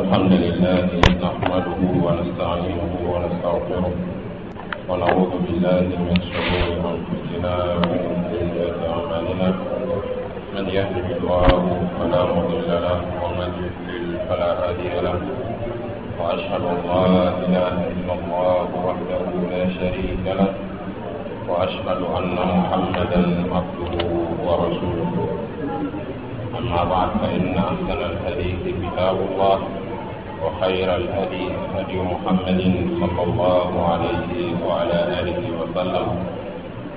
الحمد لله نحمده ونستعينه ونستغفره ونعوذ بالله من شرور انفسنا ومن سيئات اعمالنا من يهده الله فلا مضل له ومن يضلل فلا هادي له واشهد ان لا اله الا الله وحده لا شريك له واشهد ان محمدا عبده ورسوله أما بعد فإن أحسن الحديث كتاب الله وخير الهدي هدي محمد صلى الله عليه وعلى آله وسلم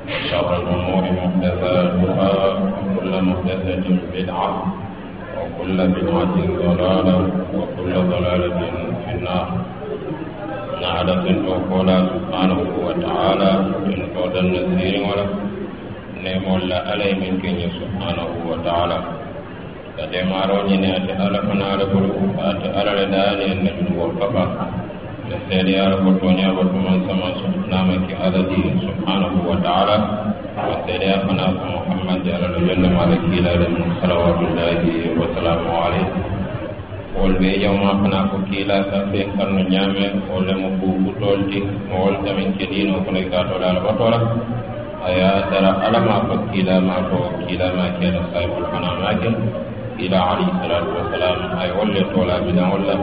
وشر الأمور محدثاتها وكل محدثة بدعة وكل بدعة ضلالة وكل ضلالة في النار نعرف أن تقول سبحانه وتعالى إن قد النذير ولا نعم الله عليه من سبحانه وتعالى kate maaroñine ate ala fanaala bolu ate ala le daani en ne ɗum wol papa ɓe seede ala bottooni a bottuman sama naamake ala di subhanahu wa taala wa seede a fana ko mouhammadi ala lo jonnamaala kiilaade mum salawatullahi wa salamu aleyh wol ɓe yawma fana ko kiila safe karno ñaame wolle mo ku futolti mo wol tamin keɗiino kono gaatoɗe ala batola aya dara alama ko kiilama ko kiilama keeɗo saybol fana maake ila ali salatu wassalam ay wolle tola bi na wolla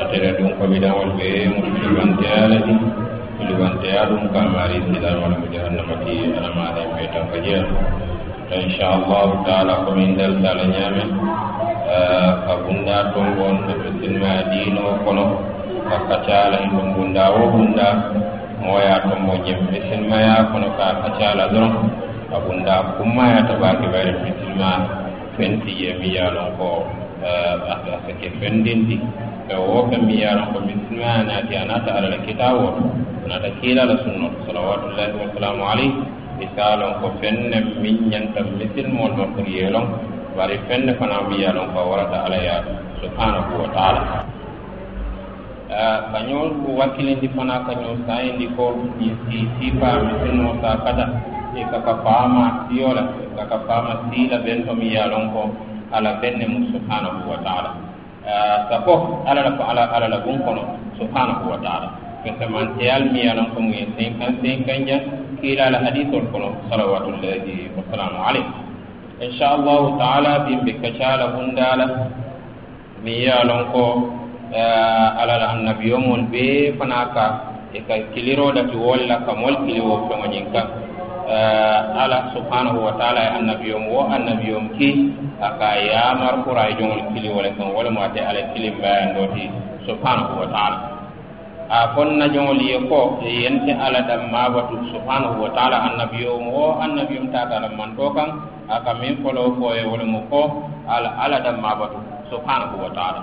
atere dum ko bi dawol be mutti bante alati li bante adum kan mari sila wala mi jahanna mati ala mari be ta fajia ta insha allah taala ko min dal dala nyame eh. eh, a bunda to won to tin ma dino kono akka taala in dum bunda wo bunda moya to mo jem be tin ma ya kono ka akka taala don a bunda kumma ya tabaki bare tin ma fenti e mi yaalon ko asake fendindi e wofe mi yaalon ko min sima naati a naata alala kitawoto naata kiilala sunnoto salawatullahi wasalamu aleyh i saalon ko fenne min ñanta misilmol ma pour yeelon bari fenne fana mi yaalon ko warata ala ya subhanahu wa taala kañol wakkilindi fana kañol sayindi ko si siifa misilmo sa kata e kaka faama siyo la kaka faama siila ben to mi yaalon ko ala benne mum subhanahu wa taala sako ah, ala la ala ala la bun kono subhanahu wa taala kesamanteyal mi yaalon ko mum e cinquante cinquante kiila ala hadisol kono salawatullahi wasalamu aleyh inchallahu taala bimɓe kacala hundala mi yaalon ko ah, ala la mon ɓe fana ka e ka kiliro dati wolla ka mol kiliwo feŋoñin kan ala subhanahu wa taala ye annabiyom wo annabiyom ki a ka yamar kura ye joŋol kili wala kan walemu ate ala kilim bayandoti subhanahu wa taala a fonna joŋol ye ko yente ala dam mabatu subhanahu wa taala annabiyom wo annabiyom tatala manto kan a ka min folo ko ye walemu ko ala ala dam mabatu subhanahu wa taala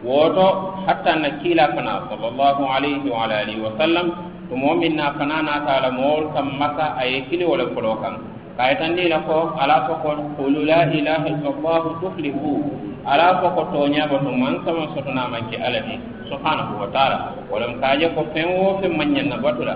woto hatta na kila kana sallallahu alayhi wa alihi wa sallam fo momin na fana nata la mool kam masa a ye kili wo le foloo kaŋ kayitandi la ko ala fo ko qulu la ilaha illallah tuflihu ala fo ko toñaɓa to man sama sotonamake ala ni subhanahu wa taala walam kaje ko fen wo fen man ñanna batula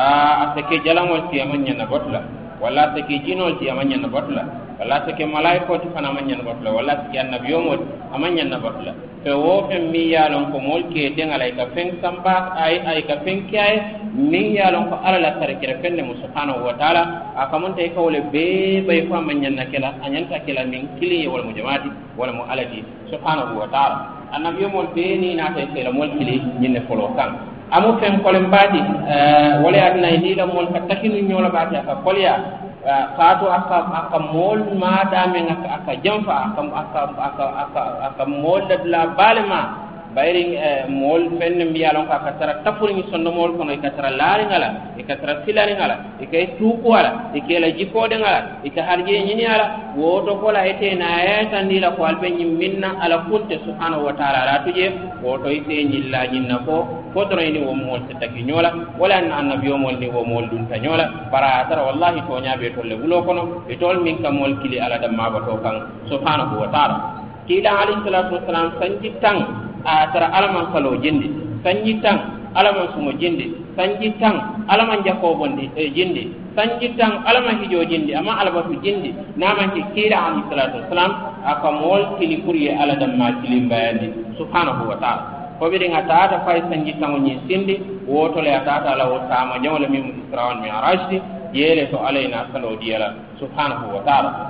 a a sake jalaŋol siyama ñanna batula walla a sake jinol siyama ñanna batula walla sike malaikoti fana ma ñan batula wala sike annabiyomoti ama ñanna batula fe wo fen mi ya lon ko mool keeteŋ ala ka fen samba ay ay ka fen ke aye min ya lon ko ala la tarikira feŋ ne mu subhanahu wa taala a mun te ka le bee be ko a ma ñanna kela a ta kela min kili ye wala mu jamaati wala mu ala ti subhanahu wa taala yomol be ni na te kela mool kili ñiŋ ne folo kaŋ amu ko kolen mbaati eh, wala ye atina la niila ka takinu ñoola baati a ka koleya Ah, faatu aka aka mool ma damen aka aka janfa aka aka aka aka mool la baalema bayri mool fenn mbi yalon ko a ka tara tafuriŋi sondomool kono i ka tara laariŋa la i ka tara silariŋa la i ka tuuku a la i ka i la jikoodiŋa la i ka harijee ñini a la woto ko la ite naayaytandi la ko ali be ñiŋ miŋ na ala kunte subhanahu wa taala ala tuje je woto ite ñilla ñiŋ na ko fo doroŋ ni wo mool si taki ñoo la wala na annabiyomool ni wo mool dunta ñoo la bara a tara wallahi tooñaa be tol le wuloo kono itol miŋ ka mool kili ala dammaabatoo kaŋ subhanahu wa taala kiila alayhi salatu wasalam sanji taŋ a tara alaman kalo jindi sanji tan alaman sumo jindi sanji tan alaman jakobondi e eh, jindi sanji tan alaman hijo jindi amma albatu jindi ke kira alayhi salatu wasalam aka mool kili pour ye ma damma bayani subhanahu wa taala ko ɓiɗi dinga taata fay sanji tan woni sindi woto le taata ala wota ma jawla mi mo isra mi arashi yele to alaina salo diyala subhanahu wa taala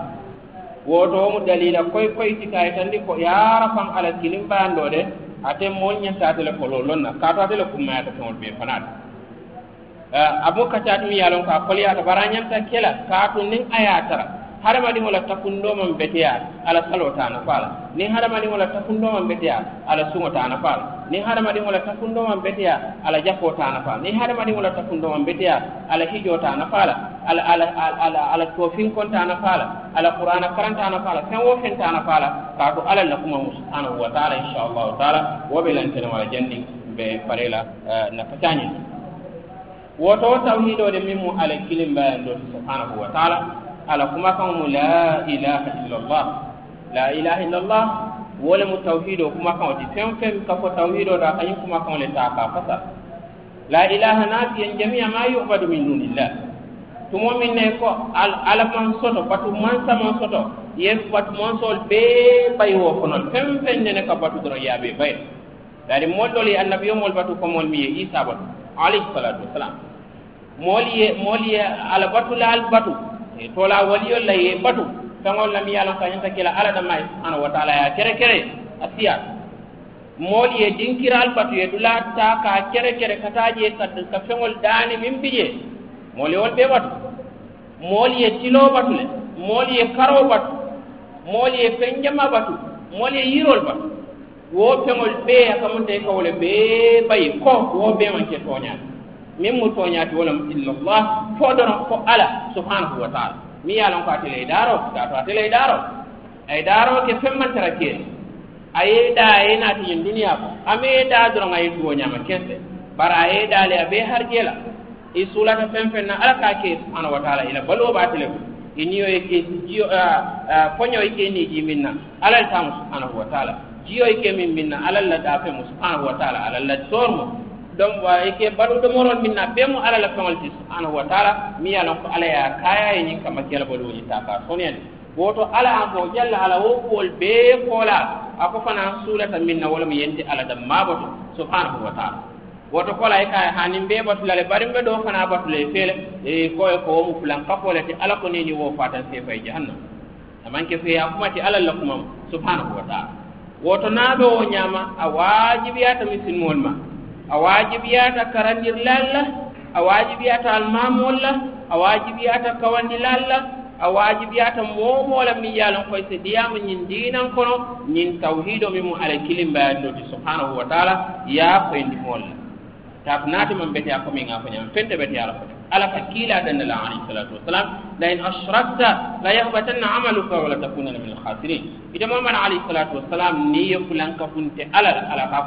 woto mu dalila koy koy ti kay tandi ko yara fan ala kilim bando de ate mon nyanta tele ko lolon na kata tele ko ma ta ton be fanat eh, abu kacat mi yalon ka koli ata baranyanta kela kato nin ayatara hadamadiŋo la takundo maŋ beteya ala saloo ta a nafa la niŋ hadamadiŋo la takundo beteya ala suŋo ta a nafa la niŋ hadamadiŋo la takundo beteya ala jakoo ta a nafa la niŋ hadamadiŋo la takundo beteya ala hijoo ta a nafa la ala ala ala ala toofinkon ta a nafa la ala qur'ana karan ta a nafa la feŋ wo feŋ ta a nafa la ala la kuma mu subhanahu wa taala inchallahu taala wo be lantene wala janniŋ be pare la eh, nafacañiŋ woto tawhidoo de miŋ mu ala kilimbayandoti subhanahu wa taala ala kuma kan mu la ilaha illallah la ilaha illallah wala mu tawhido kuma kan wati fem fem ka ko tawhido da kayin kuma kan le ta ka fasa la ilaha nafiyan jami'a ma yu'badu min dunillah tumo min ne ko ala man soto patu man sama soto yes patu man sol be bay wo kono fem fem ne ka patu do ya be bay dari mol annabi yo mol patu ko mol mi yi batu alayhi salatu wassalam moliye moliye ala batu la al batu e tola waliyol la ye batu feŋol lami ye lonka ñanta kela aladama subhanahu wa taala ya kere kere a siya mool ye dinkiral batu ye dula ta ka kere kere kataje ka feŋol daani min biƴe mool ye wol ɓe batu mool ye tilo batu le mool ye karo batu mool ye feŋjama batu mool ye yirol batu wo feŋol ɓe a kamunta ye kawole ɓe bayi ko wo ɓe manke toñani min mu to nyaati wala illallah fo dono ko ala subhanahu wa ta'ala mi lan ko atele e daro da to atele e daro ay e daro ke femman tara ke ay da ay na ti duniya ko ame da dono ay to nyama kesse bara ay da le abe har gela i ta fɛn fɛn na ala k'a ke subhanahu wa ta'ala ila balo b'a tele ko i ni yo ke jiyo fonyo ke ni ji min na ala ta subhanahu wa ta'ala jiyo ke min min na ala la da fe subhanahu wa ta'ala ala la tormo donc wa ke badu do moron minna be mu ala la fangol ti subhanahu wa ta'ala mi ala ko ala ya kaya yi nin kama kela bolu ni taka sonen woto ala an ko jalla ala wo kol be kola ako fana surata na wala mi yenti ala da mabato subhanahu wa ta'ala woto kola e kaya hanin be batu lale bari be do fana batu le fele e ko e ko mu fulan kapole te ala ko ni ni wo fatan se fay jahannam amanke fe ya kuma ti ala la kuma subhanahu wa ta'ala woto na do nyama a wajibiyata misin mon ma a waajibiyata karandillal la a waajibiyata almamol la a momola min yalon koye so diyama ñin dinan kono ñin tawhido min mo ala kilimbayannoti subhanahu wa taala ya koyendimol la taaf naati man beteya komi ŋa fo ñama fente beteya la fote ala ka kiila la alayhi salatu wasalam lain ashrakta la yahbatanna amaluka wala takunana min alkhasirin ita mamana alayhi salatu wasalam ni ye fulanka funte ala la ala ka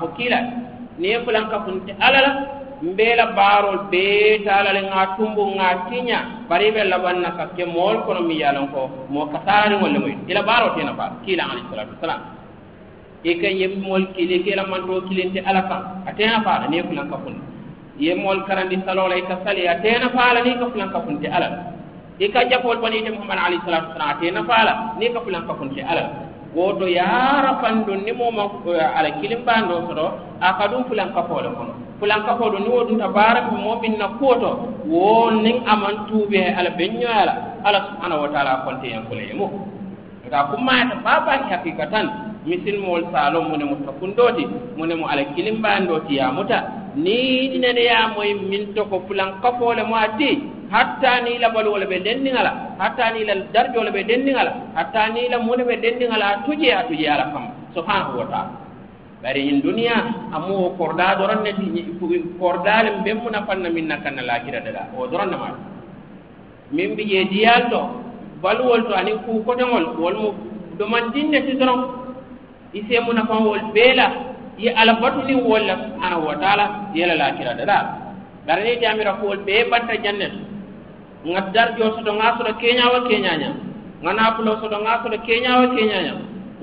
niŋ ye fulanka funti ala la mbee la baarol bee ta ala le ŋa tumbu ŋa tiña bari i be laban na ka ke moolu kono miŋ ye a lonko moo kasaarariŋol le moyi i la baaroo te na baaro kii la alayhisalatu wasalam i ka ye moolu kili ka i la mantoo kilinti ala kaŋ a teena faala niŋ ye fulanka funti i ye moolu karandi saloo la i ka sali a teena faala niŋ i ka fulanka funti ala la i ka jafool bani ite muhamad alayhisalatu wasalam a teena faala niŋ i ka fulanka funti ala la goto yaara fandun ni moma eh, ala kilimbando soto aka ɗum fulankafoole kono fulankafoɗo ni woɗum ta baarae mominna kuo to won nin aman tuuɓe he ala ɓeññoy ala ala subhanahu wa taala kontiyankula e mo ga kummayata babaki haqiqa tan misilmool saalon mune mo takkundooti mune mo ala kilimbando ti yamuta ni ɗinene yamoye min to ko fulankafoole mo a di hatta niila baluwol ɓe denndingala hatta niila darjol ɓe denndingala hatta niila mune ɓe denndingala a tuje a tuje ala kamma subhanahu wa taala bari in duniya amu o korda doron ne kordalen ɓen muna fanna min na kanna lakira daga o doron ne maata min mbi je diyal to baluwol to anin kukoteŋol wolmo domandinne ti doron ise muna fanwol beela ye ala batunin wolla subhanahu wa taala yela lakira daga bara ni jamira kuwol ɓe batta jannet nga dar jo soto nga soto kenya wa kenya nya nga na pulo soto nga soto kenya wa kenya nya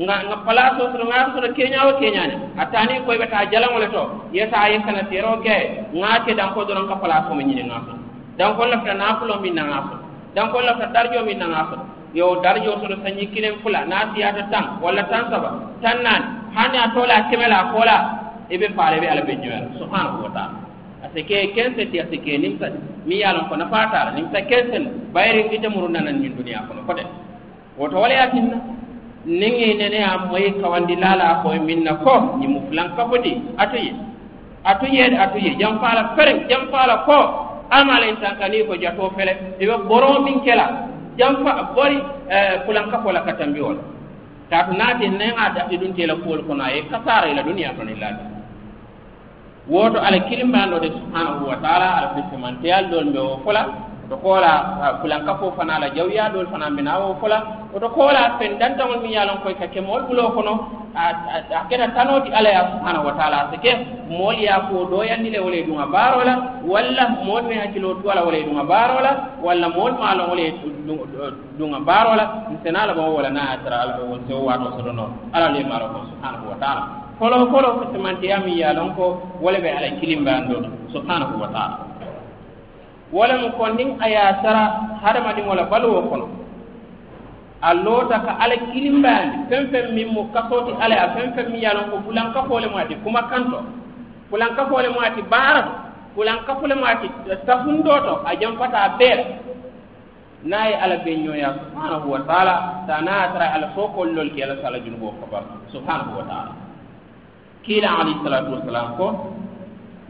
nga nga pala soto nga soto kenya wa kenya nya atani ko be ta jalan wala to ye ta ye kana tero ke nga ke dan ko don ka pala ko mi nyi nga ko dan ko lafta na pulo mi nga ko dan ko lafta dar jo mi nga ko yo dar jo soto sanyi kilen pula na ti ata tan wala tan saba tan nan hanya tola kemela kola ibe pare be albe jwer subhanahu wa ta'ala ase ke kense ti ase ke nimsa mi yalon kono fatala nimsa kensen bayri ite murundanan ñin duniya kono kote woto wala yatinna niŋ nene a moyi kawandi lala koye min na ko ñimu fulan kapoti atu ye atu ye jam ye janfala fereŋ janfala ko amalayin tankani ko jato fele ibe boro min kela fa bori eh, fulan kapo la katambi wala tatu naati neŋa dati dun tela kuwol kono a ye kasara ila duniya kono ilaa woto ala kilimbanɗo de subhanahu wa taala ala fifimanteyal ɗol mbe o fola oto koola fulanka fo fana ala jawya ɗol fana mbena o fola oto koola fen dantagol mi yalon koy ka kemol ɓulo kono a keta tanoti ala ya subhanahu wa taala sike mool ya fo ɗoyandi le wole ɗuma baarola walla mool me hakkilo tuwala wole ɗuma baarola walla mool maalon wole ɗuma baarola mi senala bon wala na atara alwol sewo wato soɗo noon ala le maalo ko subhanahu wa taala kolo kolo ko semantiya mi yalon ko wala be ala kilim bando subhanahu wa ta'ala wala mu kondin aya sara di wala balwo kono a loota ka ala kilim kilimbaandi feŋ feŋ miŋ mu kasooti ala a fem feŋ miŋ ye a loŋ ko fulankafoo le mu ati kumakanto fulankafoo le mu ati baara to fulankafo le mu ati safundoo to a jam pata bee la niŋ a ye ala bee ñooya subhanahu wa taala ta na a tara ala sokol lol ki ala sala junuboo ka bara subhanahu wa taala قيل عليه الصلاة والسلام كو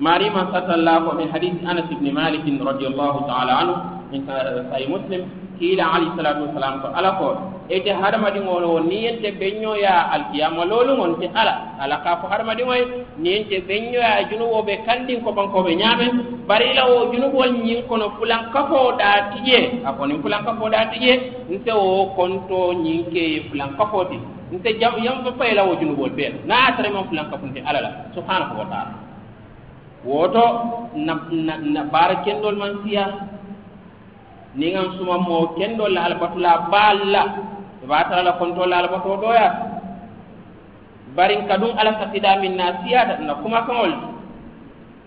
مريم قتل الله من حديث أنس بن مالك رضي الله تعالى عنه من صحيح مسلم قيل عليه الصلاة والسلام كو ألا كو ete hadamadi ngol won ni yente benyo ya alkiyama lolu ngon te ala ala ka ko hadamadi ngoy ni yente benyo ya junubo be kandin ko banko be nyaabe bari la o junubo nyin kono fulan kafo da tije akoni fulan kafo da tije nse o konto nyinke fulan kafo tije nte yam fo payla wo junubol beel na ataraman fulan kafunte ala la subhanahu wa taala woto na, na, na baara kendol man siya ni niŋan suma moo kendol la alabatula baal la iba tara la kontol la alabatoo doya barin kadun ala sasida min na siyata na kuma kaŋol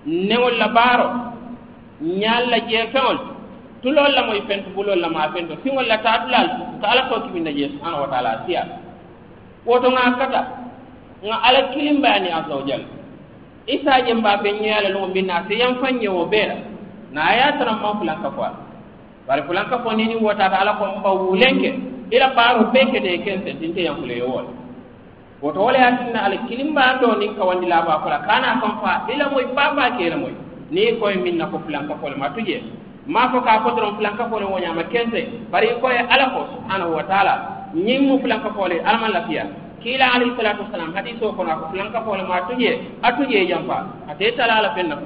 neŋol la baaro ñaal la jee feŋol tulol la moy fentu bulol la maa fento siŋol la taatulal ko ala soo kimin na subhanahu wa taala siyata woto ŋa kata ŋa ala kilimbayani asa wa jal isa mba be ñoyale luŋo min na si yan fan ñewo bee la na a ye a tara man fulanka fo ala bari fulanka fo nini wotaata ala ko mba wulenke ila baaro bee kete kense tinte yankule ye wo le woto wala ye tinna ala kilimba do niŋ kawandi laaba kola kana fan fa ila moyi baaba ke ila moyi niŋ koye min na ko fulanka fo le ma tuje maa fo kaa ko doroŋ fulanka fo le wo ñaama kense bari i koye ala ko subhanahu wa taala ñiŋ mu fulanka foole alama lafiya kiila alayhi salatu wasalam hadiso kono ako fulanka foole ma tuje a tuje janfa ate tala la fenna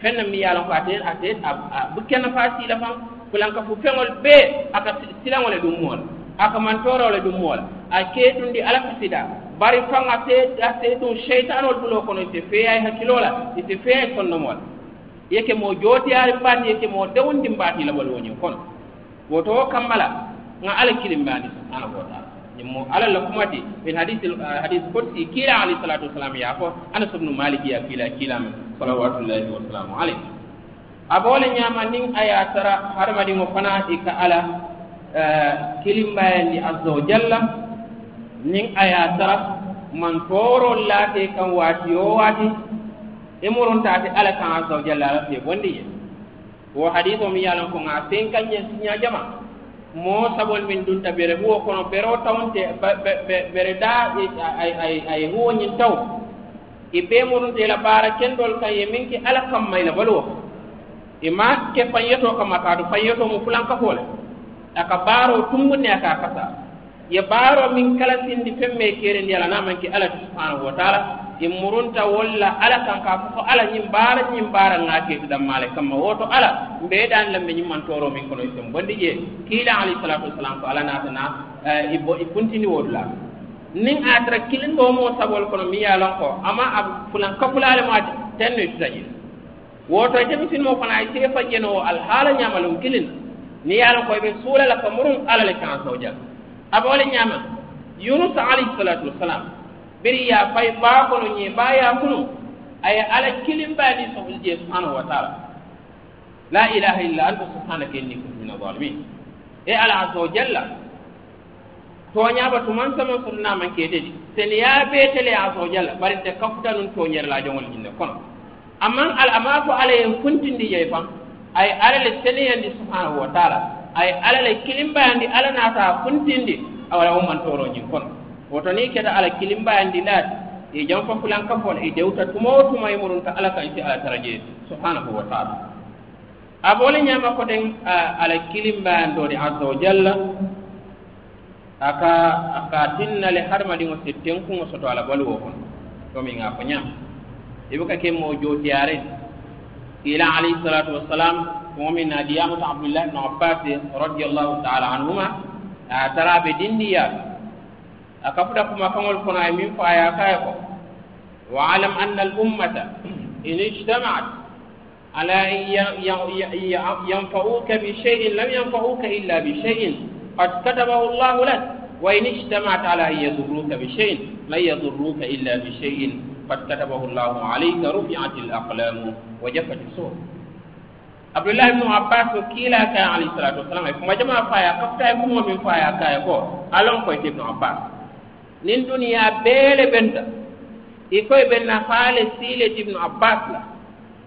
fenna mi ye a ko ate ate a bukkenna fa siila faŋ fulanka fu feŋol bee aka silaŋo le duŋ moo la aka mantooroo le duŋ la a kee tundi ala fisida bari faŋ ate ate duŋ seytaanol buloo kono ite feeya ye hakkiloo la ite feeya ye sonnomoo la ye ke moo jootiyaari mbaati ye ke moo dewundi mbaati la wolu ñiŋ kono woto wo kamma la nga ala kilimbani subhanahu wa ta'ala mo ala la kuma ti min hadith eh, hadith qudsi kila ali salatu wasalam ya ko ana subnu maliki ya kila kila salawatullahi wa salamu alayhi abole nyama nin aya tara di mo fana ka ala eh, ni azza wa jalla nin aya tara man toro late kan wati yo wati imurun e taati ala kan azza wa jalla la, te bondi ye wo hadithu mi yalan ko nga ten kan nya jama' mo sabol min dunta bere huwo kono bero tawnte bere da e, ay huwo ñin taw i e be murunte la baara kendol kan ye min ki ala kamma ila baluwo e ma ke fanyeto kama kaatu fanyeto mu fulanka fo le aka baaro tumbune aka kasa ye baaro min kala sindi femme kerendi ala namanki ala subhanahu wa taala immurunta walla ala kan ka fo ala nyim bara nyim bara nga ke male kam woto ala be dan lambe nyim man toro min kono bondi je kila ali salatu ko ala na tana eh, ibo ikuntini wodla nin atra kilin mo sabol kono mi ya lon ko ama ab fulan kapulale ma tenno tsaji woto je misin mo kono ay sefa jeno al hala nyamalum kilin ni ya lon ko be sura la famurun ala le kan sawja abole nyama yunus alayhi salatu biri ya fai ba kono ne ba ya kunu ay ala kilim ba ni so je subhanahu wa ta'ala la ilaha illa anta subhanaka inni kuntu min adh-dhalimin e ala azza wa jalla to nya ba man sama sunna man ke dedi sen ya be tele azza wa jalla bari te kafta nun to nyer la jongol jinne kono amman al amafu alayhim kuntindi yey fam ay ala le seniyandi subhanahu wa ta'ala ay ala le kilim ba andi ala na ta kuntindi awala umman man toro nyin kono woto ni keta ala kilimbayandi naati e jam fa fulan ka fon e dewta tuma o tuma e murunta ala kan si ala tara jeeti subhanahu wa taala abole ñama ko den ala kilimbayandode azza wa jalla aka aka tinnale harmadiŋo si tenkuŋo soto ala baluwo kono komi ŋa ko ñam ibe ka ke moo jootiyare kiila alayhi salatu wassalam kuŋo min na diyamuta abdullah ibnu abbas radiallahu taala anhuma a tara be dindiyaa a ka futa kumakaŋol kono a ye miŋ fo a ye kaye ko waalam anna al ummata in ijtamaat ala yanfauka bi shayin lam yanfauka illa bi shayin qad katabahu llahu lak wa in ijtamaat ala an yaduruka bi shayin lan yaduruka illa bi shayin sheyin قد كتبه الله عليك رفعت الأقلام وجفت الصور عبد الله بن عباس كيلا كان عليه الصلاة والسلام كما جمع فايا كفتا يكون من فايا كايكو ألون كويت ابن عباس nin duniya ɓeele ɓenta i koye ɓen na haale siile ibnu abbas la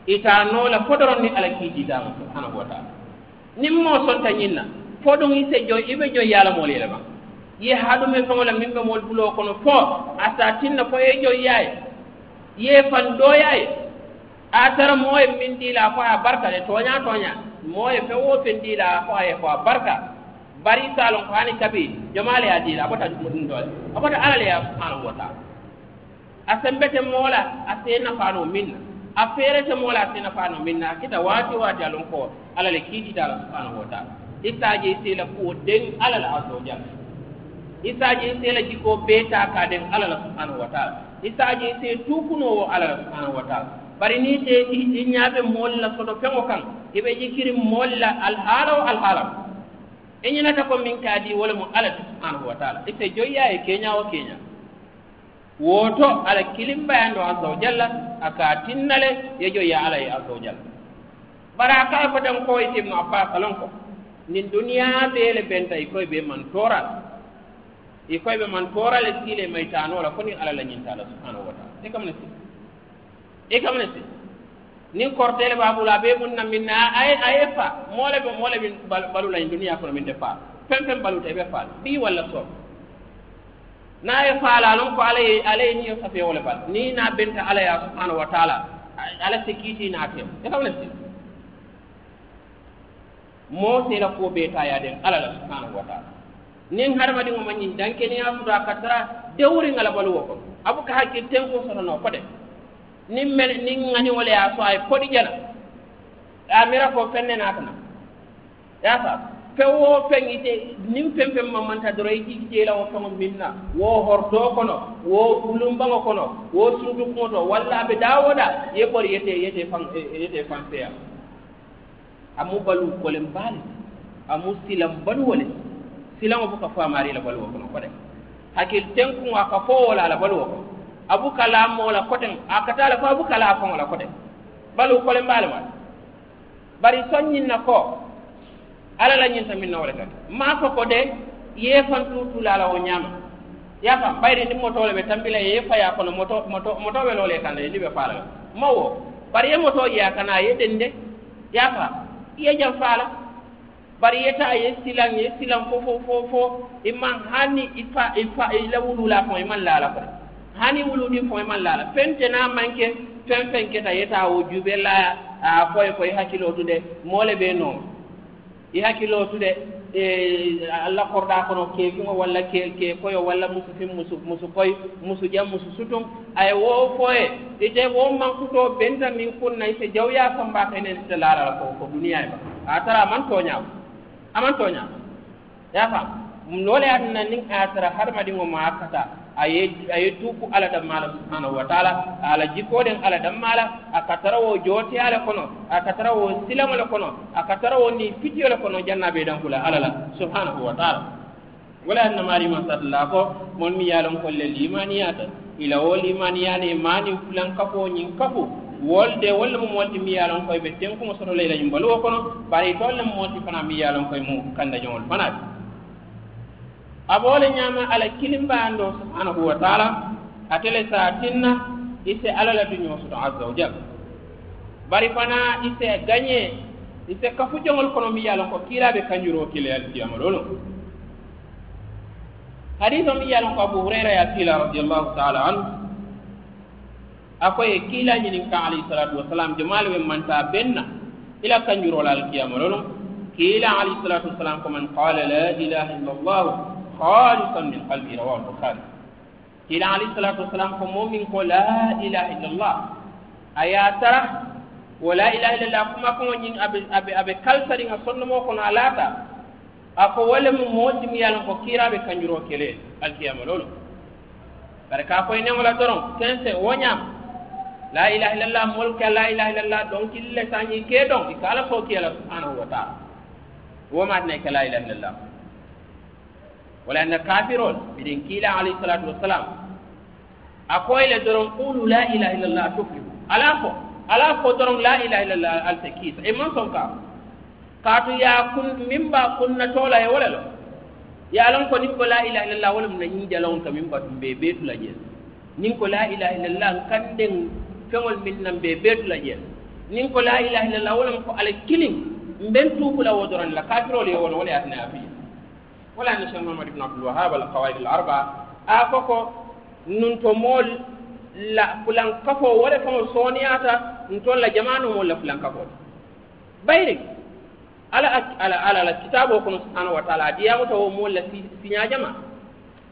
ita noola fodoron ni ala kiijidama subhanahu wa taala nin mo sonta ñinna foɗum ise joy iɓe joy yaalamool yele ma ye haɗume fangola minɓe mool bulo kono fo asa tinna fo ye joy yaaye ye fan ɗoyaye a tara mooye min ndiila fo a barka de toña toña mooye fewo fen ndiila fo aye fo a barka bari salon ko hani kabi jomale ya dila dum dum dol abata alale ya subhanahu wa ta'ala asembete mola asena fano minna afere mola asena fano minna kita wati wati alon ko alale kiti dala subhanahu wa ta'ala itaje la ko den alala azoja la sela jiko beta ka den alala subhanahu wa ta'ala isaje se tukuno wo alala subhanahu wa ta'ala bari ni te i ñaaɓe mool la soto feŋo kaŋ i jikiri mool la alhaala wo alhaala e ñinata ko min kaadi wala mu ala subhanahu wa taala ite joyya e keña o keña woto ala kilimbayando azza wa jalla aka tinnale ye joyya ala ye azza wa jalla bara kala fotan ko ite ibnu abbas kalon ko nin duniya beele benta i koye be man toral i koye be man torale siile ko koni ala la ñintala subhanahu wa taala e kam ne si e kam ne si nin kortele babula be mun nan min na a yeffa moole be moole min balulañ duniya kono min de faal fen fen balute ɓe e faal ɗi walla soom na ye faala noon ko alaye alaye ñiyo safe wole bal ni na benta alaya subhanahu wa taala ala sikiti naatem yetamne si moosela koo ɓeetaya den alala subhanahu wa taala nin harma ɗi ngo ma ñin danke niya suda kattara dewri ngala baluwo ko abuka hakkil ten ko sotanoo ko de nin men nin ŋaniŋole ye so ay podi jana a mira ko fenne natana ya fa fen wo fen ite nin pen pen mamanta doro i kikiteila wo feŋo min na wo horto kono wo ulumbaŋo kono wo sundukuŋo to walla a be dawo da ye bori yete yete fan e, e, yete fanfeya amu balu kolen baale amu silan balu wole silaŋo buka fo amaari la balu wo kono ko de hakkil tenkuŋo a ka fo wola la balu wo kono abu kala la koten a la ko abu kala ko mola koten balu ko le mbalma bari sonyin na ko ala la nyin tamin na wala tan ma ko ko de ye fan tutu la la o nyama ya fam bayri ni moto le be tambila ye fa ya ko no moto moto moto be lole kan ni be fala mawo bari ye moto ya kana ye dende ya fam ye jam fala bari ye ta ye silan ye silan fo fo fo fo imman hani ifa ifa ilawulu la ko imman la la ko hani wulu ni ko man la fen te na manke fen fen ke ta yeta o jube la a ko ko i hakilo to de mole be no i hakilo to de e alla korda kono ke ko wala ke ke ko wala walla musu fim musu musu koy musu jam musu sutum ay wo foye e je wo man ku to benda min kunna se jawya samba kenen te la la ko ko duniya ba a tara man to nyaaw aman to nyaaw ya fa lole adna nin a tara har madin wo ma kata aye aye tuku ala dammala subhanahu wa taala ala jikoden ala dammala akatara wo joote ala kono akatara wo silamo kono akatara wo ni fitiyo le kono jannabe dankula ala la subhanahu wa taala wala anna mari ma satla ko mon mi yalon kolle limaniyata ila wo limaniyane mani fulan kafo nyin kafo wolde walla mo molti mi yalon koye ɓe tenkumo soto leyla ñum baluwo kono bari tolle mo molti fana mi yalon koye kanda kandañowol fanaɓe abole ñama ala kilimbayando subhanahu wa taala atele sa tinna ise ala la duñoo soto azza wa jal bari fana ise gañe ise kafu joŋol kono mi yalon ko kiiraɓe kanjuro kile alkiyama lolo hadise mi yalon ko abu hurayra ya kiila radiallahu taala anhu akoye kiila ñinin kan alayhi salatu wasalam jomaalu ɓe manta benna ila kanjurola alkiyama lolo kiila alayhi salatu wasalam ko man qala la ilaha illa llahu خالصا من قلبي رواه البخاري إلى عليه الصلاة والسلام مؤمن لا إله إلا الله أيا ترى ولا إله إلا الله كما كما نين أبي أبي أبي كالسرين أصلا ما كنا لاتا أكو ولا موت ميال كيرا بكنجرو كله القيامة لولو بركة أكو إنه ولا ترون كنسة ونعم لا إله إلا الله ملك لا إله إلا الله دونك كل ساني كي كيدون إكالا فوكيلا سبحانه وتعالى وما أدنى لا إله إلا الله wala na kafirun bidin kila alayhi salatu wassalam akoy le doron qulu la ilaha illallah tuflihu ala ko ala ko doron la ilaha illallah al takis e man son ka Ka katu ya kun mimba kunna tola e wala lo ya lon ko nin ko la ilaha illallah wala mun nyi jalon ka mimba dum be betu tula jel nin ko la ilaha illallah kanden fengol min nan be betu tula jel nin ko la ilaha illallah wala ko ala kilin mben tuku la wodoran la kafirol e wala wala atna afiya wala ni sheikh muhammad ibn abdul wahhab al qawaid al arba a koko nun to mol la fulan kafo wala ko soniyata ntol la jamanu mol la fulan kafo bayri ala ala ala la kitabo ko subhanahu wa ta'ala diyamu to mol la sinya jama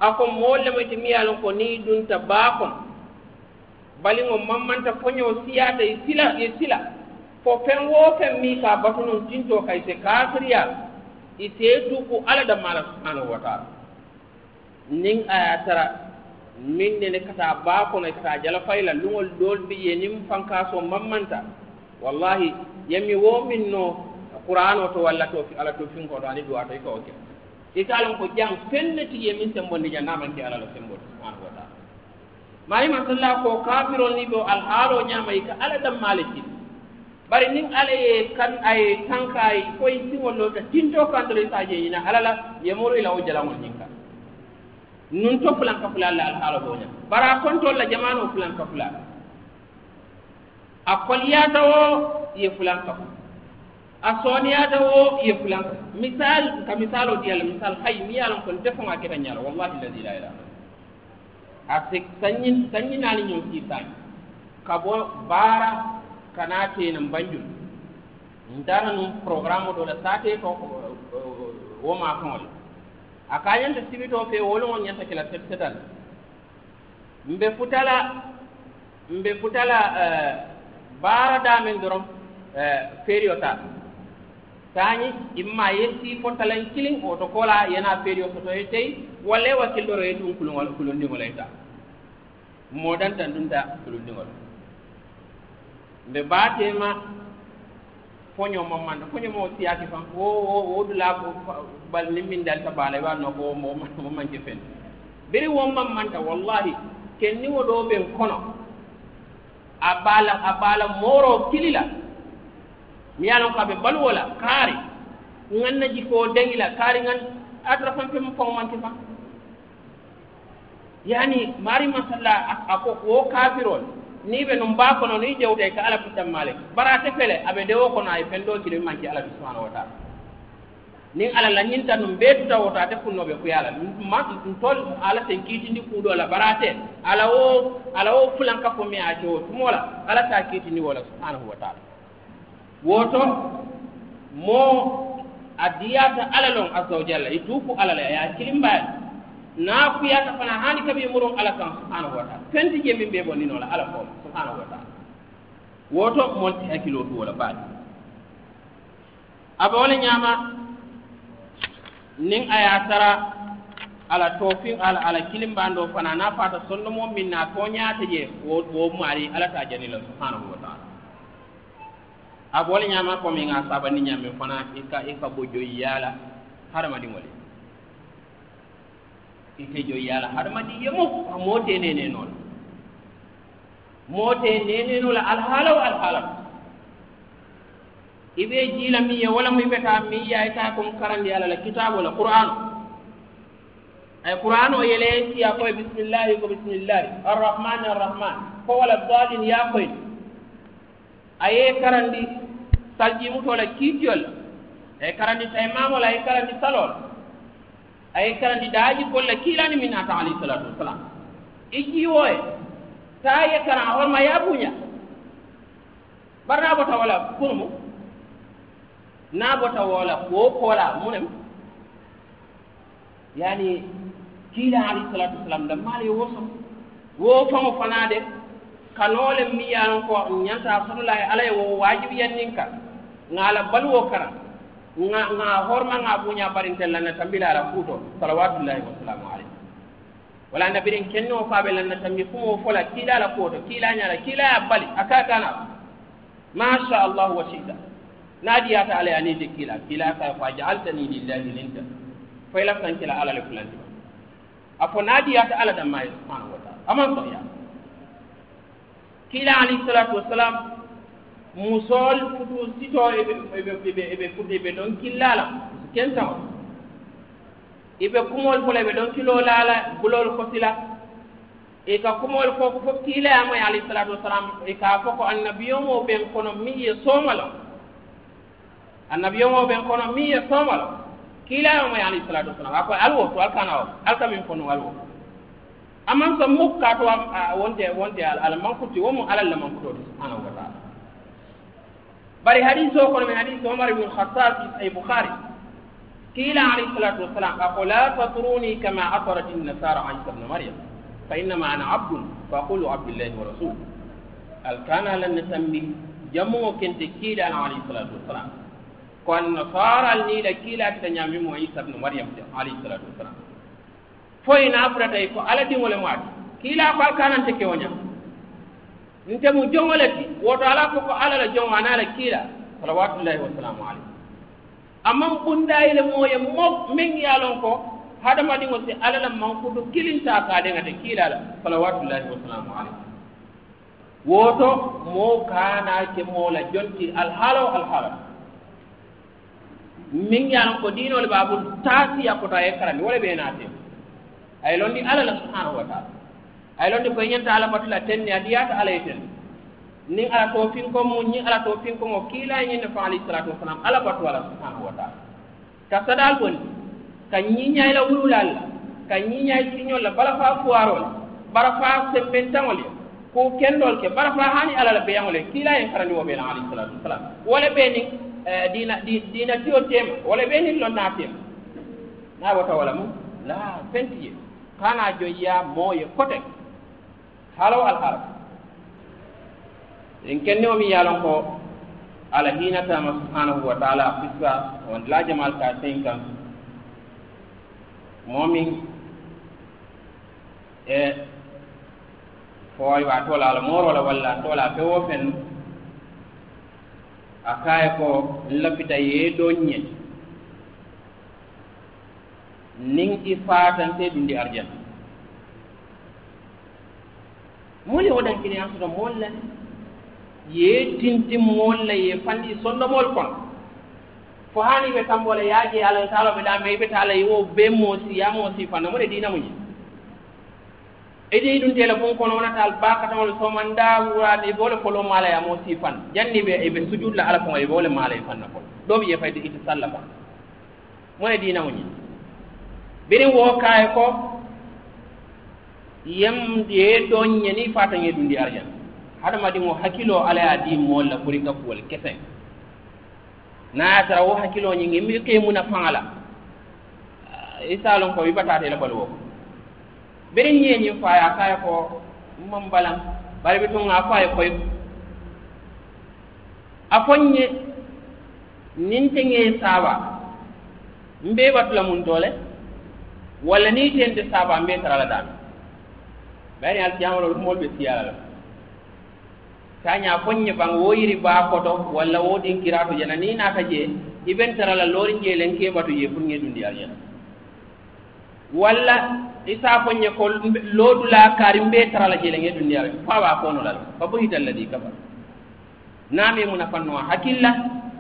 ako mol le moyti miyalo ko ni dun tabakum bali ngo mamanta fonyo siyata e sila e sila fo fen wo fen mi ka batunun tinto kay se kafiriya ite duku ala da mala subhanahu wa ta'ala nin aya tara min ne ne kata ba ko ne kata jala fayla lungol dol bi ye nim fanka so mamanta wallahi yami wo min no qur'ano to walla to fi ala to fin ko do ani do ato ko ke italon ko jang fenneti ye min sembo ni janna man ke ala la sembo subhanahu wa ta'ala mari man sallahu ko kafiro ni do al halo nyama ka ala dam malikin Bari nin alay kan ay tankay, kwen siwol lo, kwen tinto kan do li sajye yina, alala, yamor ila waj alamon jinka. Nuntou flan ka flan la ala alo bonya. Bara asontou la jaman ou flan ka flan. Akwen yadou, ye flan to. Ason yadou, ye flan to. Misal, kamisal ou di ala, misal hay miya alon kon, defon wakitanyara, wawahilazi la ila. Asik, sanyin, sanyin alinyon si sany. Kabwa, bara, kana tenin banjun ndana num programme ɗo ko sate to woma wala a kañanta sibito fe woluŋo ñanta kila tetal mbe futala mbe futala eh, baara min dorom eh, feerio ta tañi imma yetti fotalan kilin to kola yana feerio soto ye tey walla e wakkilloro ye kulun kulundiŋol kulundiŋol e modan tan dunda kulun ni kulundiŋol mbe baatema poñomo manda poñomo siyaki fan wo wo wodula ko bal nimmindal ta baala wa no ko mo mo manke fen biri wo man manta wallahi kenni wo do ben kono a baala a baala moro kilila mi yalon ko ɓe balwola kaari gannaji ko dangila kaari gan adra fan pemo fon manke fan yani mari masalla a ko wo kafirol ni be num ba kono ni jewte ka ala kutammale barate fele abe dewo kono ay fendo kile manki ala subhanahu wa ta'ala nin ala la ñinta num be tuta wota te kunnoɓe kuyala ma tol ala ten kiitindi kuuɗo la barate ala wo ala wo fulanka fo mi ace o tumola ala ta kiitindi wola subhanahu wa taala woto mo a diyata ala lon azza wa i tuuku ala la ya kilimbaya na kuyata fana hani kabi muron ala kan subhanahu wa ta'ala kanti je min be bonni no la ala ko subhanahu wa ta'ala woto mon ti hakilo to wala baadi aba wala nyama nin aya tara ala tofin ala ala kilim bando fana na fata sondo mo min na to nyaata je wo wo mari ala ta jani la subhanahu wa ta'ala aba wala nyama ko min asaba ni nyame fana ika ika bojo yala harama di wala ite joyyala hadamadi yemo mote nene noon mote nene nola alhaala o alhaala iɓe jiila mi ye wala mo iɓeta mi yayta kon karandi ala la kitabu la qur'an ay qur'an o yele siya koye bisimillahi ko bisimillahi arrahmani arrahman ko wala dalin ya koyen aye karandi saljimutola kiitiyol ay karandi taymamola ay karandi salol aye karandi daaji golle kiilani min ata alayhi salatu wasalam i jiiwoye taa ye kara horma ya buuña bar naa bota wola kurmu naa bota wola ko koola munem yaani kiila alayhi salatu wasalam nde maalaye wo so wo famo fanaade kanoole miyanon ko ñanta sotola e ala ye wo waajibiyannin ka ŋaala baluwo karan nga nga horma nga bunya barin tellana tambila ala kuto salawatullahi wa salamu alayhi wala na birin kenno fa be lanna tambi mo fola kila la kuto kila la kila bali akaka na ma sha Allah wa shida nadi ya ta ala ni de kila kila ka fa ja'altani lillahi linta fa ila san kila ala fulan afo nadi ya ta ala da mai subhanahu wa ta'ala amma so ya kila alayhi salatu wa salam musol futu sito ɓe ɗon killala kentao ebe kumol fola ebe don kilo lala bulol kosila e ka kumol koko fof kiilayamay alayhi salatu wasalam eka ka fo ko annabiyomo ɓen kono mi ye soomalo annabiyomo ɓen kono mi ye soomalo kiilayamay alayhi salatu wasalam ako alwo to alkana o alkamin kono alwo amman so mokka to wonte wonte alamankuti womo alal lamankutode subhanahu bari hadis o kono min hadis omar ibn khattab fi sahih bukhari قيل عليه الصلاة والسلام أقول لا تطروني كما أطرت النصارى عيسى بن مريم فإنما أنا عبد فأقول عبد الله ورسول الكان لن نسمي جمو كنت كيل عليه الصلاة والسلام قال النصارى النيل كيل تنيامي عيسى بن مريم عليه الصلاة والسلام فإن أبرت أيكو ألدي ولمات كيل أقول كان أنت كيونيا nte mu jongo le ti woto ala ko ko ala la jongo ana la kiila salawatullahi wasalamu aleykum amman ɓundayile mooye mof min yaalon ko hadamadiŋo si ala la mankutu kilinta kaadeŋa te kiila la salawatullahi wasalamu aleykum woto moo kaana ke moo la jonti alhaalo alhaalo min yaalon ko diinoo le baa bulu taasiya koto a ye karandi wo le ɓee naatee a ye ni ala la subhanahu wa taala ay londe koye ñanta ala batula tenni adi yaata alaye ten ni ala to finko mum ni ala to finko mo kiilaye ñinde fa alayhi salatu wasalam ala batu ala subhanahu wa taala ka sadal bondi ka ñiñayla wurulal la ka ñiñay siñol la bala fa fuwarol bara fa sembentaŋol ye ko kendol ke bara fa hani ala la beyaŋol ye kiilaye farandi wo ɓeena alayhi salatu wasalam wala ɓe ni eh, dina dina tiyo tema wala ɓe ni lon naatema naa wota wala mum la fentiye kana joyya mooye kotek haalawo alhaala en kenne omin yaalon ko ala hiinatama subhanahu wa taala a fissa wonde laajamaal ka seyi kan momin e fooyo a toola ala moorola walla a toola fewo fen a kaaye ko n lappita yeedoon ñeti niŋ i faatante ɗum ndi arjanna moolu woɗankini ansoto mool la yee tintim mool la ye fanɗi sonnomool kono fo haani ɓe tambola yaaje alah taala ɓe ɗaa meyɓe taala yo be moosi ya moosi fanna mo ɗe diinamuñe edei ɗum tele fon kono wonataal bakatamol somanda wuraade boole folo maalaya moosi fan janni ɓe eɓe sujudla ala fon e boole maalaye fanna kon ɗoo ɓe ye fayde ita salla fan mo ɗe diinamuñe birin wo kaaye ko yem ye ɗon ñani fatange ɗundi arjana haɗamaɗimo hakkilo ala ya di molla ɓori gappuwol keseng nayatara wo hakkiloñing e mi qemuna fangala isalon ah, e ko wibatate e la balwo ɓeɗe ñeñin faya faya ko mam balam bare ɓe tonga faya koy a foñe nin tenge saaba mbe batula mum dole walla ni tente saaba mbe tarala daame ɓayni alkiyamalo rumol ɓe siyalala sa ña foñe ɓan woyiri bakoto walla woɗin kirato jana ni naka je iɓen tarala lori jelen keɓato je pour geɗundi aljana walla isa foñe ko lodula kari mbe tarala jelen geɗundi ala fawa fonolal fa bohitalladi kaba naame muna fannoa hakilla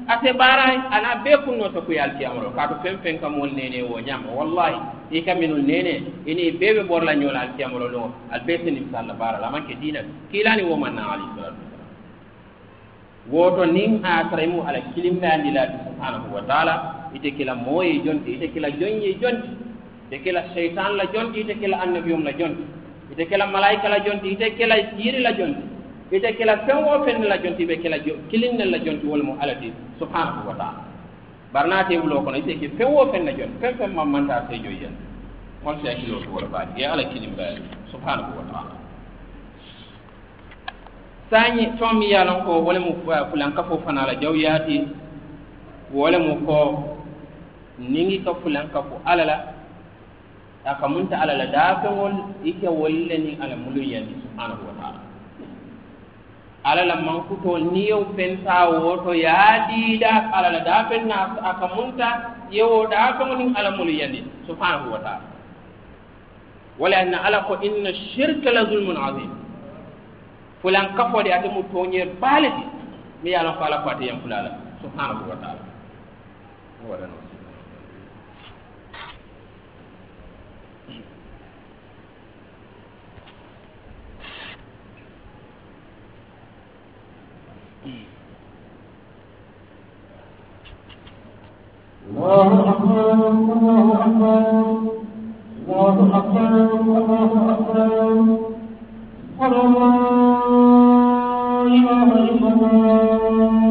a seɓara ana ɓe punno tokuye alkiyamalo kato fen fen kam wol nene wo ñama wallahi i ka minnu nene ini bee be borla ñoola al kiyamolo loŋo al bee se nimisalla baara la a maŋ ke diina kiilaani wo maŋ naŋ alayhi salatu wasalam woto niŋ a tara i mu ala kilimbayandi laati subhanahu wa taala ite kila moo ye jonti ite kila joŋ ye jonti ite kila cheytan la jonti ite kila annabiyum la jonti ite kila malayika la jonti ite kila yiri la jonti ite kila feŋ wo feŋ la jonti be kila kilinne la jonti wo le mu ala ti subhanahu wa taala bar na te wulo kono ite ke fewo fen na jon fen fen man man ta te joyen wal sa kilo to wala ba ya e ala kinim ba subhanahu wa ta'ala sanyi ton mi yalon ko wala mu fulan ka fo fana la jawyati wala mu ko ningi ka fulan ka fo alala aka munta alala da fe wol ike wolle ni ala mulu yandi subhanahu wa ta'ala ala la mankutol ni yew pensa woto yaadiida ala la daa penna aka munta yewo daa kaŋonin ala mulu yandi subhanahu wa taala wala anna ala ko inna shirka la zulmun azim fulan kafode ate mu toñer baaleti mi ye alon ko ala ko ate yan fulala subhanahu wa taala waɗanoo الله أكبر الله أكبر الله أكبر الله أكبر الله لا إله إلا الله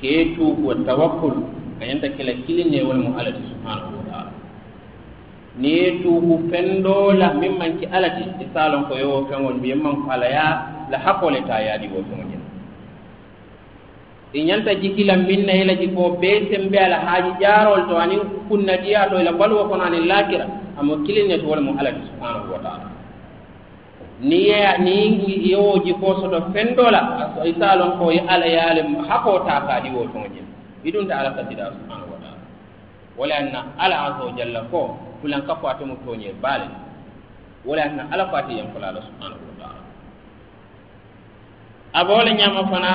ke tuku wa tawakkul kayanta kila kilinye walmu alati subhanahu wa taala ni ye tuku fen la min manki alati i salon ko yo feŋol mbiye man ko ala la hako le ta yaadi wo feŋo jena i ñanta jiki la min na ila jiko be sembe ala haaji jaarol to aniŋ kunnadiya to ila baluwo kono anin lakira amo kilinne to walmu alati subhanahu wa taala ni ye ni yewoji ko soto fendola isalon ko ye ala yaale hako takadi wo toje idunta ala kasida subhanahu wa taala wala anna ala azau jalla ko fulan kapo atemu toñe baale wala anna ala ko ate yenkolala subhanahu wa taala abole ñama fana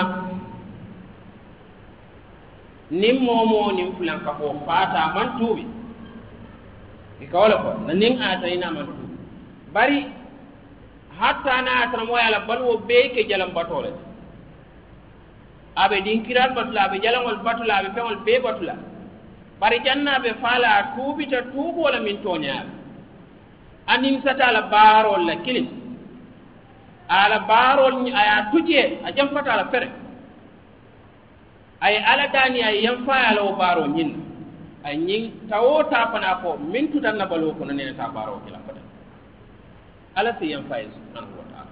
nin momo nin fulan kapo fata man tuuɓi ikawole ko nanin atayinaman tuuɓi bari hatta na moya la balwo be ke jalan batole abe dinkiral batula abe wal batla abe feŋol be batla bari janna be faala a ta tuubo la min tooñaaɓe a sata la baarol la kilim ala baarol a tuje a jam a la fere a ye ala dani a ye fa ala o baro nyin ay a tawota pana fana ko min tutanna baluwo kono ne ta baro kilan fata ala se yan faye subhanahu wa ta'ala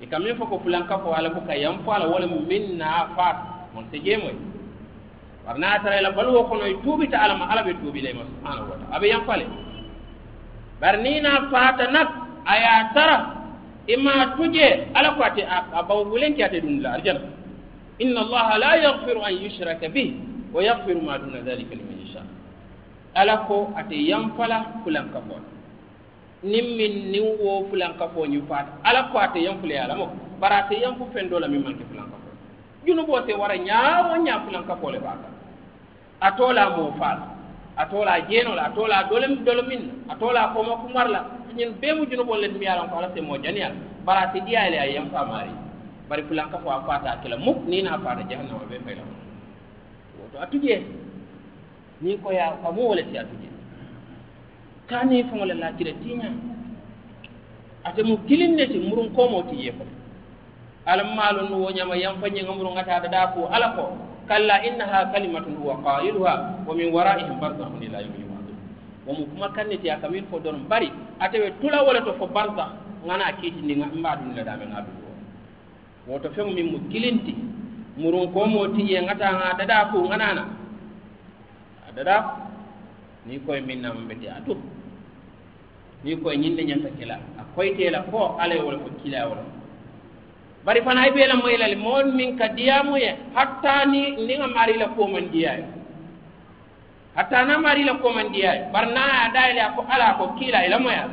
e kam min foko fulan kafo ala ko ka yan fala wala min na fa mon te jemo warna na tara e la balu ko noy e tubi ta ala ma ala be tubi le ma subhanahu wa ta'ala abe yan fale bar ni na fata nak aya tara imma e tuje ala ko ate abaw wulen ki ate dum la arjana inna allah la yaghfiru an yushraka bihi wa yaghfiru ma dun dhalika liman yasha ala ko ate yan fala fulan kafo nin min nin wo fulankafo ñin faata ala ko ate yan fule ala mo bara ate yan fu fen dola min manke fulankafo junubo te wara ñaawo ñaa fulankafo le baata a tola moo faala a tola jeeno la a tola dolem dolo na a tola koma kumar la ñin bee mu junubol le mi yalan ko ala se moo janiyal bara ate diyale a yan faamaari bari fulankafo a faata a kela muk ni na faata jahannama be fayla woto a tujee ni ko ya famuwo le si a kane feŋole la kira tiña ate mu kilin ne ti murun komo ti ye ala alam malu wo ñama yam fa ñinga murun ata dada ko ala ko kalla innaha kalimatun huwa qailuha wa min waraihim barzakhun ila yawmi yub'athun wo mu kuma kanne ti aka min fo don bari ate we tula wala to fo barzakh ngana kiitindi ni nga mba dun la dame ngabi wo to feŋ min mu kilinti murun komo ti ye ngata nga dada ko nganana dada ni koye min nama mbete a tu ni koye ñinde ñanta kila a koytela ko alay wala ko kila wala bari fana ay moy moylale mo min ka diyamuye hatta ni nga mari la man diay hatta na mari la man diay bar na dayile a ko ala ko kiila ila moya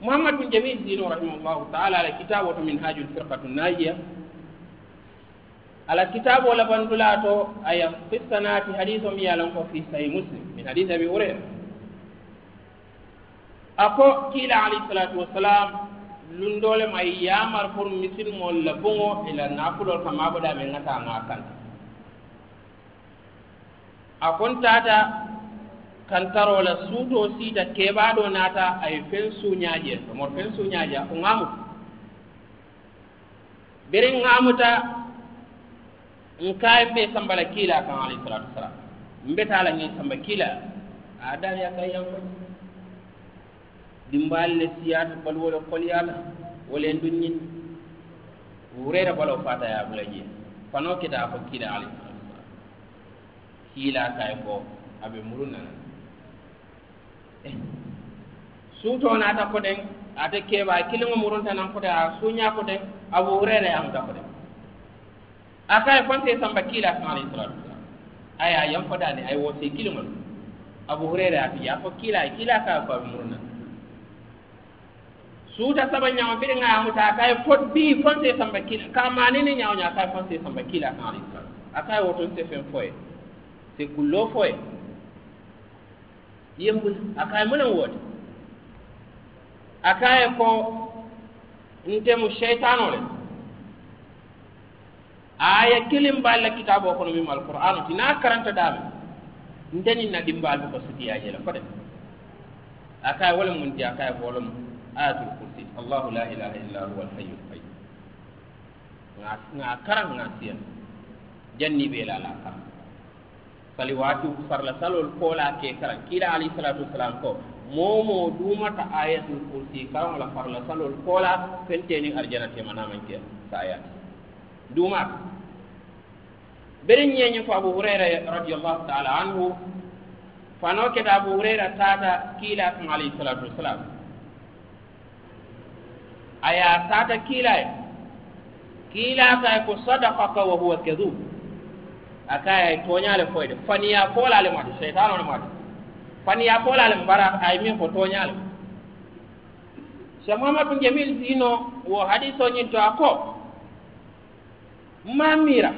muhammadun bin jamil dino rahimahullahu taala la kitabu to min hajul firqatu najiya ala kitabo labandula to aya fissanati hadiseo mbiya lon ko fi sahi muslim min hadise abi hurayra ako kiila alayhi salatu wassalam lundolem ay yamar pour misilmol la bongo ila nafulol ka maɓoɗa men gata ga kanta a kon tata kantarola suuto siita keɓaɗo naata ay fen suñaji en tomoto fen suñaji a ko gamuta beren gamuta n kaye fe samba la kiila kan alayhi salatu wasalam m betala ñin samba kiila a daniya ka yam dimbaali le siyata balu wole qoliyala wolen du ñin wurere balo fataya bula jee fano kita ko kiila alayhi salatu wasalam kiila kaye ko aɓe muru nana eh. suutona ta koten ata keeɓa kilimo murunta nan kote a suuña koten abo wurere anta koten ata e fonte e samba kila sama alayhi salatu wasalam aya yan foda ne ay wo se e kilo mal abu hurayra ati ya fo kila kila ka fa murna suuta saba nyaama amu nga muta ka e fot bi fonte e samba kila ka mani ne nyaaw nya ka fonte samba kila sama alayhi salatu ata e woto se fen foye se kullo foye yembul aka e mulan wote aka e ko ntemu shaytanole aya kelen balla kitabo kono mim alqur'anu tina karanta dame nteni na dimbal ko suti aje la fode akay wala mun ti akay wala mun ayatul kursi allah la ilaha illa huwa al hayyul qayyum nga nga karang nga siya janni be la la ka sali watu farla salol ko la ke karang kila ali salatu salam ko momo dumata ayatul kursi karang la farla salol ko la fenteni arjana te manama ke sayati duma berin nyenye ko abu huraira radiyallahu ta'ala anhu fano keda abu huraira tata kila tun alayhi salatu wassalam aya tata kila kila ka ko ka wa huwa kadhub akaya toñale foyde faniya le ma shaytan on mata faniya le mbara ay min ko toñale cheikh tun jamil dino wo hadiso to a ko mamira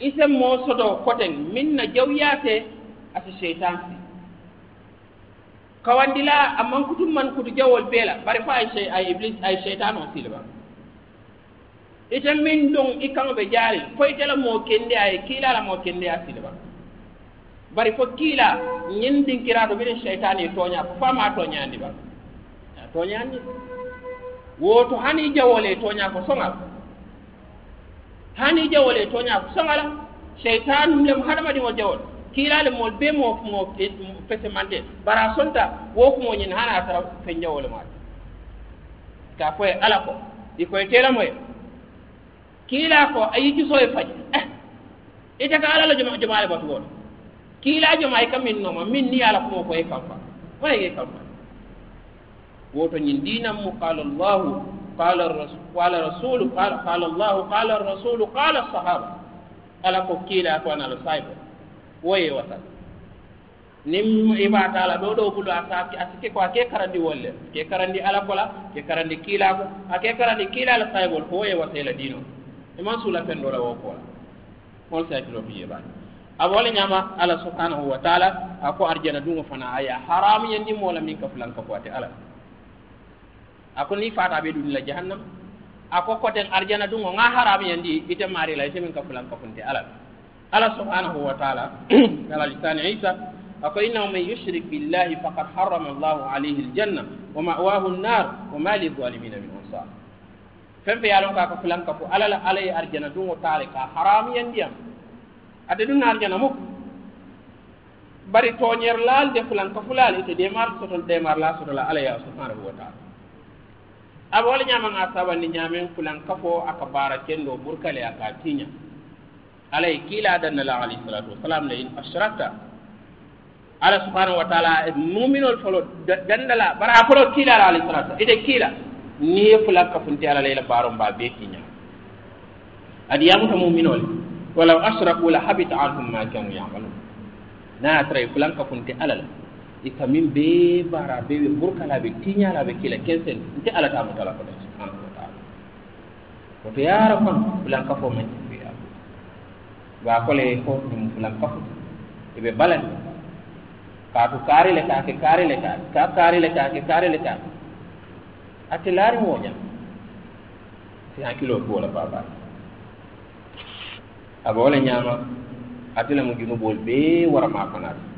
isen ise mo sodo koten min na jawyate asa shaitan si kawandila amman kutum man kutu jawol bela bare fa ay shay ay iblis ay shaitan on silba ite min don ikan be jari ko itela mo kende ay kila la mo kende a silba bari fo kiila ñin dinkiraɗo mbiɗen cheytane e toña fo fama toñandi ba a toñandi woto hani jawole e songa ko hani jawol e to nya ko saŋala seytanum lem harma di jawol kilal mol be mo mo e, pete mande bara sonta wo mo ñin hana tara fen jawole ma ka ko ala ko i koye moy kiila ko a yiccuso e faji eh, ite ka ala la joma jomaale batugoto batugo joma e ka min no min ni ala ko kumo koye kamfa waye ye kamfa woto nyin dinam mu qala allah قال الرسول قال الرسول قال قال الله قال الرسول قال الصحابة قال كوكيلا كوانا لصايبة وي وطن نم إبا تعالى بودو بلو أساك أسكي كوا كي كران دي ولي كي كران دي ألا كلا كي كران دي كيلا كي كران دي كيلا لصايبة وي وطن لدينو إما سولا فندولا وقوانا مول سيكلو في يبان أولي نعمة على سبحانه وتعالى أكو أرجانا دونه فنا آيا حرام يندي مولا منك فلانك فواتي ألا ako ni fata be dun la jahannam ako ko ten arjana dungo nga haram yandi ite mari la ite min ka fulan ka funte ala ala subhanahu wa ta'ala ala lisan isa ako inna man yushrik billahi faqad harrama allah alayhi aljanna wa ma'wahu an-nar wa ma lidh-dhalimin min ansar fem fe yalon ka ka fulan ka fu ala la alay arjana dungo tare ka haram yandi am ade dun arjana mo bari toñer lal de fulan ka fulal ite de mar sotol de mar la sotol ala ya subhanahu wa ta'ala aba wala ñama nga ni ñamen kulan kafo aka bara kendo burkale aka tinya alay kila danna la ali salatu wassalam la in ashrakta ala subhanahu wa ta'ala mu'minul folo dandala bara falo kila la ali salatu ite kila ni fula fulan ti ala layla baro ba be tinya adi yamuta mu'minul walaw ashraku la habita anhum ma kanu ya'malun na tray fulan ti ala la i ka min bee baara bee be burkala be tiñala be kila kensen nte ala ta mutala kono subhanahu wa taala woto yaara kono fulanka fo men fiya baa kole ko ɗum fulanka fo eɓe balani kaatu kaari le kaake kaari le kaake ka kaari le kaake kaari le kaake ate laari wooñan si hakkiloo kuwo la baabaari aba wo le ñaama ate le mu junubool bee wara maa konaati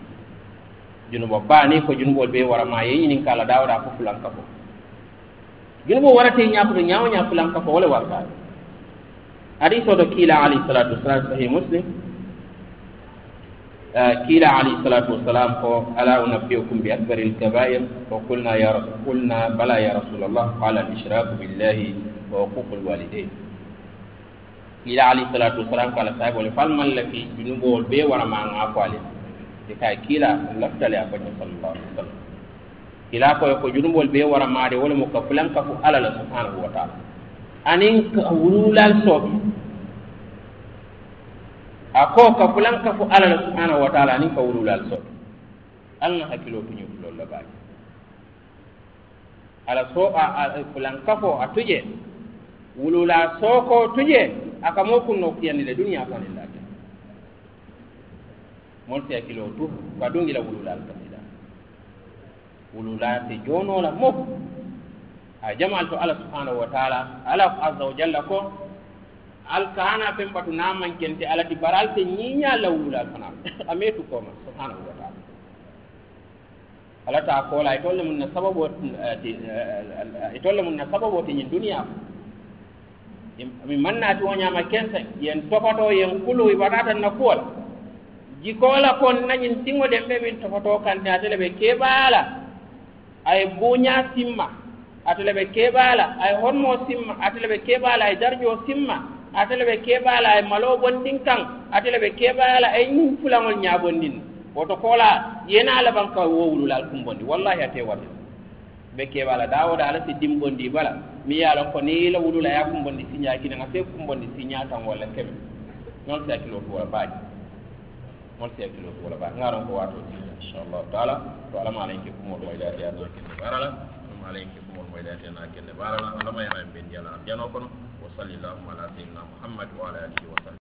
junubo baani ko junubol be wara maye ñinin kala dawada fo fulanka fo junubo warate ñaputo ñawo ña fulanka fo wala warta hadith o to kiila alayhi salatu wasalam sahi muslim uh, kiila alayhi salatu wasalam ko ala unabbiukum bi akbari lkabair fo qulna ya qulna bala ya rasulallah qala alishraku billahi wa huquq alwalidain kiila alayhi salatu wasalam ko ala sahaba wole falmal la fi junubowol be wara ma nga ko alayh ikaye kiila laftale a koño sallallahu alaihi wa sallam ila koye ko junumbol ɓe wara maade wala mo ka fulan ka ala la subhanahu wa taala anin ka wululal sooɓe a ko ka fulan ka fo ala la subhanahu wa taala anin ka wululal sooɓe alna hakkilo tuñu ñufulol la baaki ala so a fulan ka fo a tuje wulula sooko tuje aka mo kunno kiyandi le duniya fanilla mol te kilo tu ba dongi la wulula al kasida wulula te jono la mo a jamal to allah subhanahu wa ta'ala ala azza wa jalla ko al kana pem alati na man kente ala di baral te nyinya la wulula kana ametu ma subhanahu wa ta'ala ala ta ko la itolle mun na sababo eh, itolle mun na sababu te nyin duniya mi manna ti wonya kensa yen topato yen kulu ibarata na kuwala jikoola kon nañin tiŋo de ɓe min tofoto kanne atele ɓe keɓaala ay buña simma atele ɓe keɓaala ay honmo simma atele ɓe keɓaala ay darjo simma atele ɓe keɓaala ay malo bonɗin kan atele ɓe keɓaala ay ñin fulaŋol ñabondin woto koola yena alabanka wowulula alkumbondi wallahi ate wat ɓe keɓaala dawoda ala si dimbondi bala mi yalon ko ni la wulula ya kumbondi siña kinaga se kumbondi siña tan walla keɓe noon si hakkilotuwa baaji mol te tulo ko ba ngaron ko wato inshallah taala to ala ma malayke ko mol wayda ya na kende barala malayke ko mol wayda ya na kende barala ala ma ya ben jala am jano kono wa sallallahu ala sayyidina muhammad wa ala alihi wa sahbihi